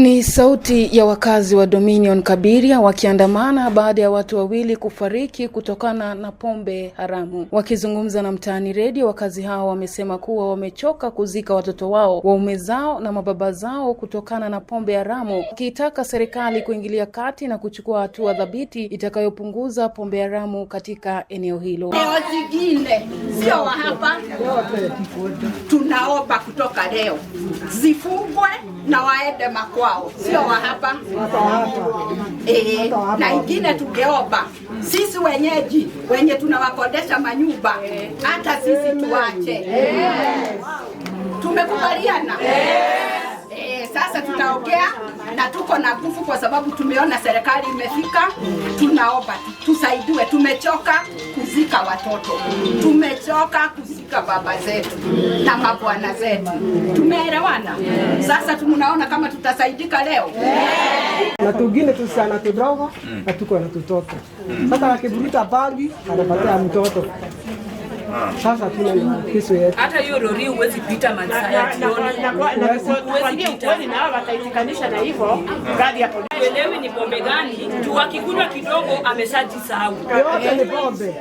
Ni sauti ya wakazi wa Dominion Kabiria wakiandamana baada ya watu wawili kufariki kutokana na pombe haramu. Wakizungumza na Mtaani Redio, wakazi hao wamesema kuwa wamechoka kuzika watoto wao, waume zao na mababa zao kutokana na pombe haramu, wakiitaka serikali kuingilia kati na kuchukua hatua dhabiti itakayopunguza pombe haramu katika eneo hilo. Wazigine sio wa hapa, tunaomba kutoka leo zifungwe na waende makwa wao, sio wa hapa eh, Na ingine tungeomba sisi wenyeji wenye tunawakodesha manyumba, hata sisi tuache. Tumekubaliana eh, sasa tutaongea na tuko na nguvu, kwa sababu tumeona serikali imefika. Tunaomba tusaidiwe, tumechoka kuzika watoto, tumechoka katika baba zetu na mabwana zetu. Tumeelewana? Sasa tumunaona kama tutasaidika leo na tugine tusana tudogo na tuko na tutoto sasa, akivuruta bangi anapatia mtoto sasa tuna kesi yetu. Hata hiyo lori huwezi pita masaa ya jioni, na wataitikanisha na hivyo gari ya polisi. Elewi ni pombe gani? Tu akikunywa kidogo ameshajisahau. Yote ni pombe.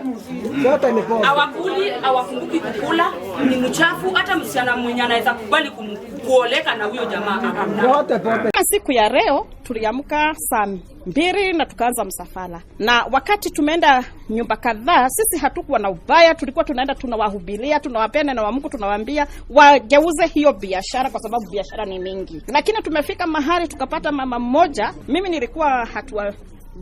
Yote ni pombe. Hawakuli, hawakumbuki kukula, ni mchafu hata msichana mwenye anaweza kubali kumkuoleka na huyo jamaa. Yote pombe. Siku ya leo tuliamka saa mbili na tukaanza msafara, na wakati tumeenda nyumba kadhaa, sisi hatukuwa na ubaya, tulikuwa tunaenda tunawahubiria, tunawapea neno la Mungu, tunawaambia wageuze hiyo biashara, kwa sababu biashara ni mingi. Lakini tumefika mahali tukapata mama mmoja, mimi nilikuwa hatua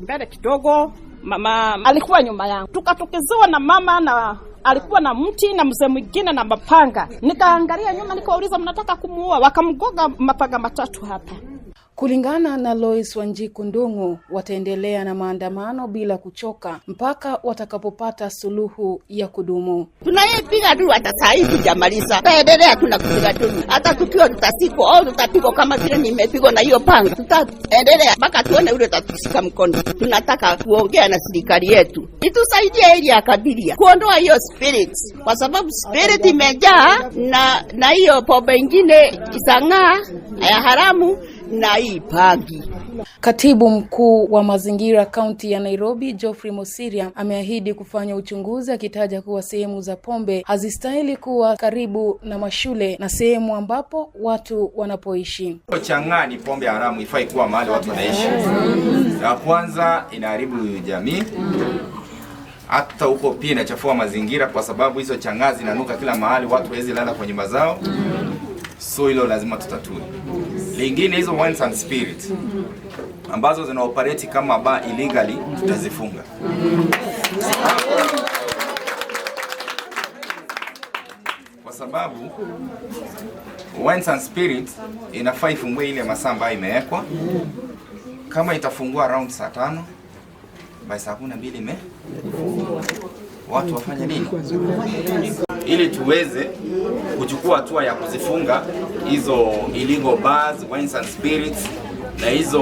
mbele kidogo, mama alikuwa nyuma yangu, tukatukiziwa na mama na alikuwa na mti na mzee mwingine na mapanga. Nikaangalia nyuma, nikauliza mnataka kumuua? Wakamgoga mapanga matatu hapa Kulingana na Lois Wanjiku Ndung'u, wataendelea na maandamano bila kuchoka mpaka watakapopata suluhu ya kudumu. tunayepiga tu, hata saa hii tujamaliza, tutaendelea tu na kupiga tu, hata tukiwa tutasikwa au tutapigwa kama vile nimepigwa na hiyo panga, tutaendelea mpaka tuone ule tatusika mkono. Tunataka kuongea na serikali yetu itusaidie ili kabilia kuondoa hiyo spirit, kwa sababu spirit imejaa na na hiyo pombe ingine isang'aa ya haramu na hii pagi. Katibu mkuu wa mazingira kaunti ya Nairobi, Geoffrey Mosiria, ameahidi kufanya uchunguzi akitaja kuwa sehemu za pombe hazistahili kuwa karibu na mashule na sehemu ambapo watu wanapoishi. Chang'aa ni pombe haramu, ifai kuwa mahali watu wanaishi. ya kwanza inaharibu jamii hata huko pia inachafua mazingira, kwa sababu hizo chang'aa zinanuka kila mahali, watu hawezi lala kwa nyumba zao. So hilo lazima tutatue. Lingine hizo wines and spirit ambazo zina operate kama bar illegally tutazifunga. Kwa sababu wines and spirit inafaa ifungue ile masaa ambayo imewekwa. Kama itafungua around saa tano, by saa kumi na mbili ime watu wafanye nini ili tuweze kuchukua hatua ya kuzifunga hizo illegal bars, wines and spirits na hizo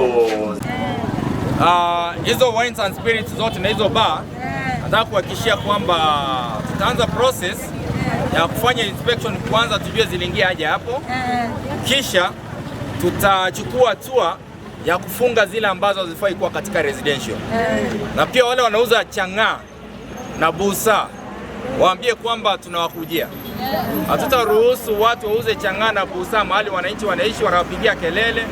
uh, hizo wines and spirits zote na hizo bar. Nataka kuhakikishia kwamba tutaanza process ya kufanya inspection kwanza, tujue ziliingia aje hapo, kisha tutachukua hatua ya kufunga zile ambazo hazifai kuwa katika residential, na pia wale wanauza chang'aa na busa, waambie kwamba tunawakujia. Hatutaruhusu watu wauze chang'aa na busa mahali wananchi wanaishi, wanawapigia kelele,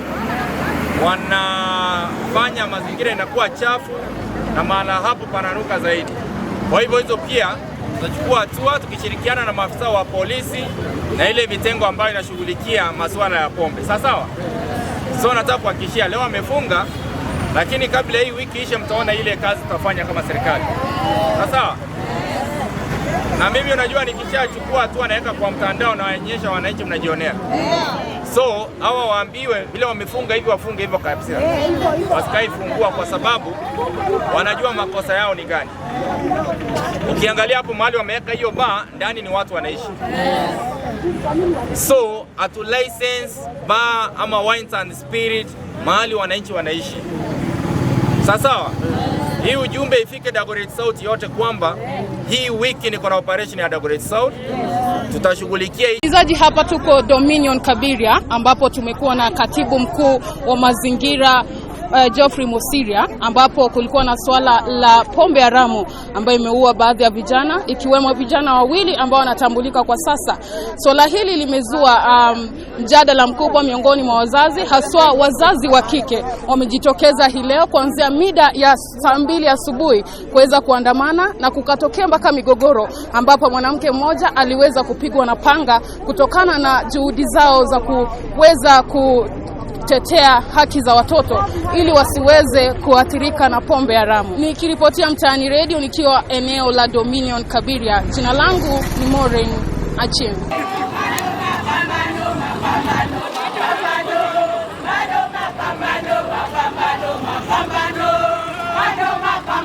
wanafanya mazingira inakuwa chafu na mahala hapo pananuka zaidi. Kwa hivyo hizo pia tunachukua hatua tukishirikiana na maafisa wa polisi na ile vitengo ambayo inashughulikia masuala ya pombe. Sawa sawa. So nataka kuhakikishia leo amefunga lakini kabla hii wiki ishe, mtaona ile kazi tutafanya kama serikali. Sasa na mimi unajua, nikishachukua tu naweka kwa mtandao, nawaonyesha wananchi, mnajionea. So hawa waambiwe vile wamefunga hivyo, wafunge hivyo kabisa, wasikaifungua kwa sababu wanajua makosa yao ni gani. Ukiangalia hapo mahali wameweka hiyo baa, ndani ni watu wanaishi. So atu license baa ama wines and spirit mahali wananchi wanaishi. Sawasawa, hii ujumbe ifike Dagoretti South yote kwamba hii wiki niko na operation ya Dagoretti South tutashughulikia izaji. Hapa tuko Dominion Kabiria ambapo tumekuwa na katibu mkuu wa mazingira uh, Geoffrey Mosiria ambapo kulikuwa na swala la pombe haramu ambayo imeua baadhi ya vijana ikiwemo vijana wawili ambao wanatambulika kwa sasa. Swala hili limezua um, mjadala mkubwa miongoni mwa wazazi, haswa wazazi wa kike wamejitokeza hii leo kuanzia mida ya saa mbili asubuhi kuweza kuandamana na kukatokea mpaka migogoro ambapo mwanamke mmoja aliweza kupigwa na panga kutokana na juhudi zao za kuweza ku kutetea haki za watoto ili wasiweze kuathirika na pombe haramu. Nikiripotia Mtaani Redio nikiwa eneo la Dominion Kabiria, jina langu ni Maureen achim